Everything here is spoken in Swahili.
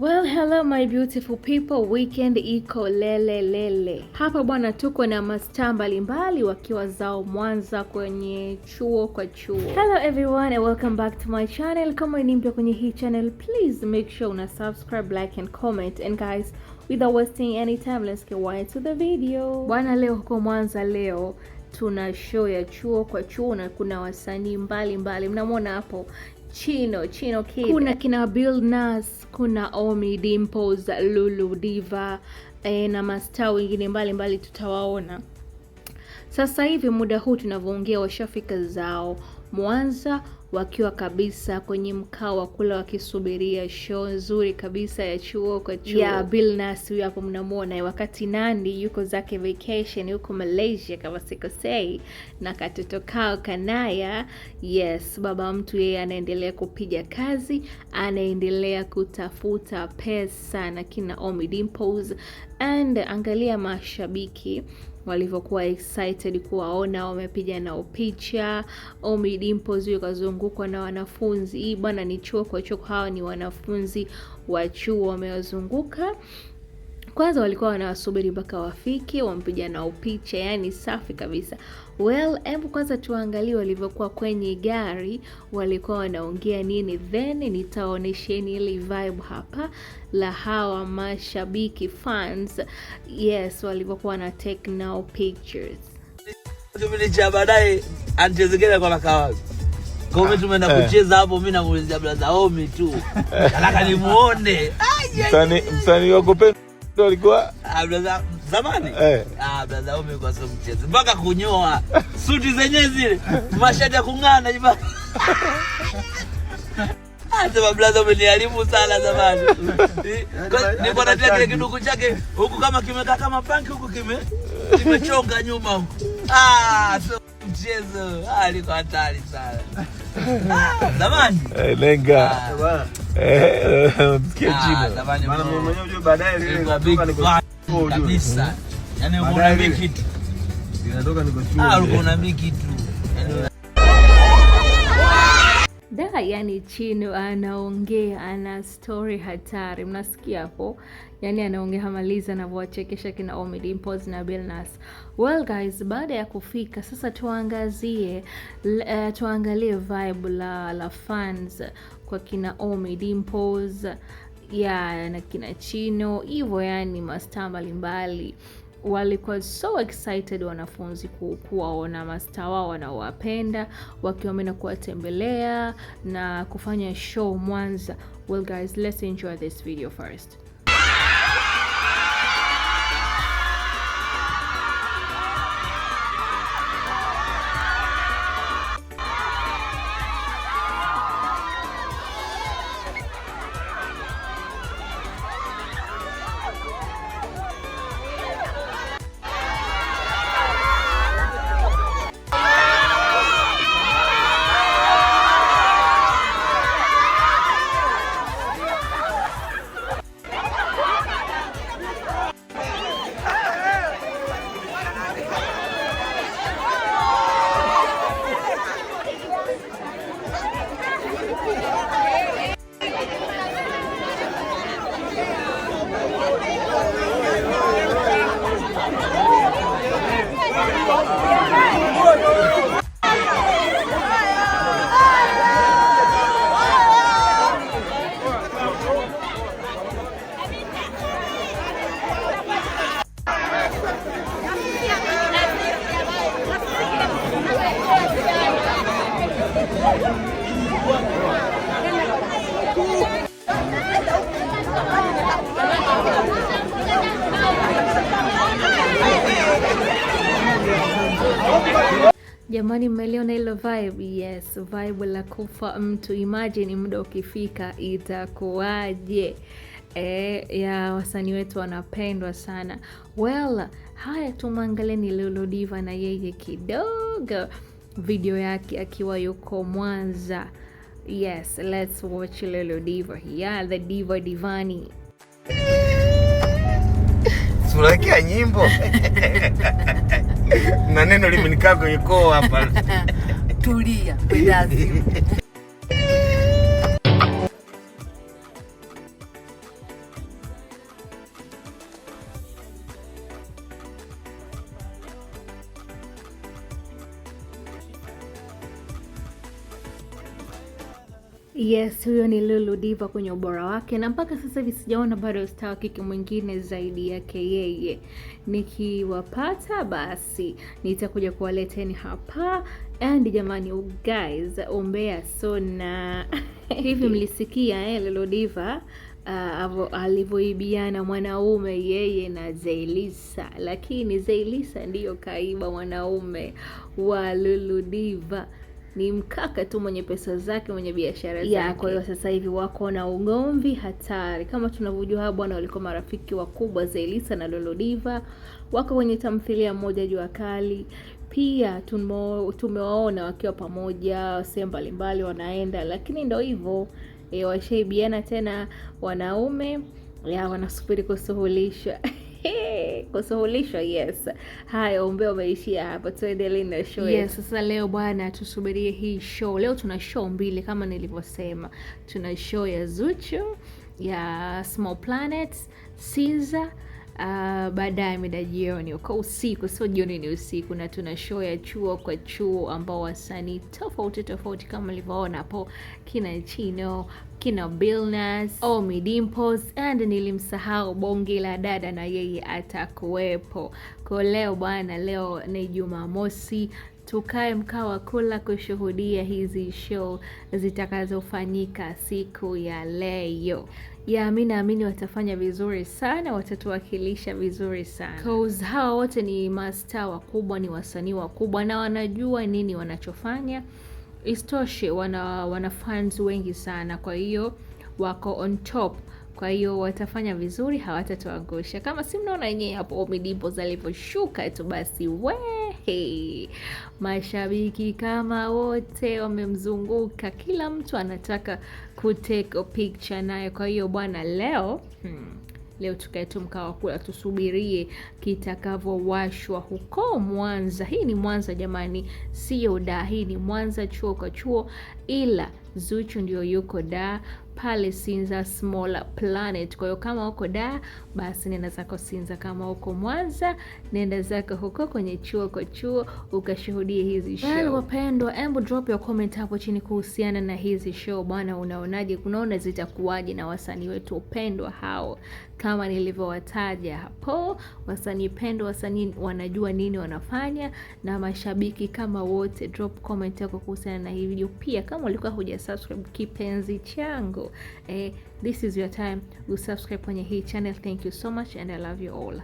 Well, hello my beautiful people, weekend iko lele lele hapa bwana. Tuko na mastaa mbalimbali wakiwa zao Mwanza kwenye chuo kwa chuo. Hello everyone and welcome back to my channel. Kama ni mpya kwenye hii channel, please make sure una subscribe, like and comment and guys without wasting any time, let's get right to the video bwana. Leo huko Mwanza leo tuna show ya chuo kwa chuo na kuna wasanii mbalimbali, mnamwona hapo Chino Chino Kid. Kuna kina Bill Nas, kuna Omi, Dimples, Lulu Diva e, na mastaa wengine mbalimbali tutawaona sasa hivi muda huu tunavyoongea, washafika zao Mwanza wakiwa kabisa kwenye mkao wa kula wakisubiria show nzuri kabisa ya chuo kwa chuo ya Bill Nass. hapo mnamwona, wakati Nandi yuko zake vacation yuko Malaysia kama sikosei, na katoto kao Kanaya. Yes, baba mtu yeye anaendelea kupiga kazi, anaendelea kutafuta pesa na kina Omi Dimples and angalia mashabiki walivyokuwa excited kuwaona, wamepiga nao picha. Ommy Dimpoz huyo kazungukwa na wanafunzi. Hii bwana ni chuo kwa chuo, hawa ni wanafunzi wa chuo wamewazunguka kwanza walikuwa wanawasubiri mpaka wafike wampige nao picha, yani safi kabisa. Well, hebu kwanza tuangalie walivyokuwa kwenye gari, walikuwa wanaongea nini, then nitaonesheni ile vibe hapa la hawa mashabiki fans, yes, walivyokuwa na take now pictures. Kipindi baadaye anachezekea kwa Kwa hiyo tumeenda ah, eh. kucheza hapo, mimi namuulizia brother Omi tu, nataka nimuone msanii msanii wako ndio alikuwa ah, brother zamani eh. Ah brother wewe umekuwa sio mchezo mpaka kunyoa suti zenyewe zile mashati ya kung'ana hivi. Ah, sema brother umeniharibu sana zamani. Nilikuwa natia kile kiduku chake huku kama kimekaa kama panki huku kime kimechonga nyuma huku. Ah sio mchezo. Ah alikuwa hatari sana. Zamani. Eh, lenga. Ah. Eh, msikia ah, jina. Zamani. Maana mimi mwenyewe unajua baadaye lile natoka niko kabisa. Yaani unaambia kitu. Ninatoka niko chuo. Ah, unaambia kitu. da, yani Chino anaongea ana story hatari, mnasikia hapo? Yani anaongea hamaliza anavyowachekesha kina Omid Dimpoz na Billnass. Well guys, baada ya kufika sasa, tuangazie uh, tuangalie vibe la, la fans kwa kina Omid Dimpoz ya na kina Chino hivyo, yani mastaa mbalimbali walikuwa so excited wanafunzi kuwaona masta wao wanaowapenda wakiwa wameenda kuwatembelea na kufanya show Mwanza. Well guys, let's enjoy this video first. Jamani, mmeliona ilo hilo vibe? Yes, vibe la kufa mtu. Imagine muda ukifika itakuwaje? e, ya wasanii wetu wanapendwa sana. Well, haya tumwangaleni Lulu Diva na yeye kidogo video yake akiwa yuko Mwanza. Yes, let's watch Lulu Diva. Yeah, the diva divani ya nyimbo na neno limenikaa kwenye koo hapa. Tulia, pendazi Yes, huyo ni Lulu Diva kwenye ubora wake, na mpaka sasa hivi sijaona bado star wa kike mwingine zaidi yake yeye. Nikiwapata basi nitakuja kuwaleteni hapa. And jamani, you guys, ombea sana hivi mlisikia eh, Lulu Diva Uh, alivyoibiana mwanaume yeye na zeilisa lakini zeilisa ndiyo kaiba mwanaume wa Lulu Diva ni mkaka tu mwenye pesa zake, mwenye biashara zake. Yeah, kwa hiyo sasa hivi wako na ugomvi hatari. Kama tunavyojua hao bwana walikuwa marafiki wakubwa Zailisa na Lolodiva, wako kwenye tamthilia moja Jua Kali. Pia tumewaona wakiwa pamoja sehemu mbalimbali wanaenda, lakini ndo hivyo e, washaibiana tena wanaume ya, wanasubiri kusuluhisha kusuhulishwa yes. Haya, umbea umeishia hapa, tuendelee na show yes. Sasa leo bwana, tusubirie hii show. Leo tuna show mbili kama nilivyosema, tuna show ya Zuchu ya Small Planets Caesar uh, ah, baada ya mida jioni uko usiku, sio jioni, ni usiku, na tuna show ya chuo kwa chuo ambao wasanii tofauti tofauti kama ulivyoona hapo kina Chino kina Billnass, Omy Dimpoz and nilimsahau bonge la dada, na yeye atakuwepo yako leo bwana. Leo ni Jumamosi, tukae mkaa wa kula kushuhudia hizi show zitakazofanyika siku ya leo. Ya, mi naamini watafanya vizuri sana, watatuwakilisha vizuri sana cause hawa wote ni masta wakubwa, ni wasanii wakubwa na wanajua nini wanachofanya. Istoshe wana, wana fans wengi sana, kwa hiyo wako on top kwa hiyo watafanya vizuri, hawatatuangusha. Kama si mnaona wenyewe hapo midimbo zalivyoshuka tu, basi we Mashabiki kama wote wamemzunguka, kila mtu anataka kuteko picha naye. Kwa hiyo bwana, leo hmm. Leo tukae tu mkawa kula, tusubirie kitakavyowashwa huko Mwanza. Hii ni Mwanza jamani, sio da. Hii ni Mwanza chuo kwa chuo, ila Zuchu ndio yuko da pale Sinza Smaller Planet. Kwa hiyo kama uko da basi nenda zako Sinza, kama uko Mwanza nenda zako huko kwenye chuo kwa chuo ukashuhudie hizi show. Well, wapendwa, hebu drop your comment hapo chini kuhusiana na hizi show bwana, unaonaje? Kunaona zitakuwaje na wasanii wetu upendwa hao? Kama nilivyowataja hapo, wasanii pendwa, wasanii wanajua nini wanafanya, na mashabiki kama wote. Drop comment yako kuhusiana na hii video. Pia kama ulikuwa hujasubscribe kipenzi changu yako. Eh, this is your time. Usubscribe kwenye hii channel. Thank you so much and I love you all.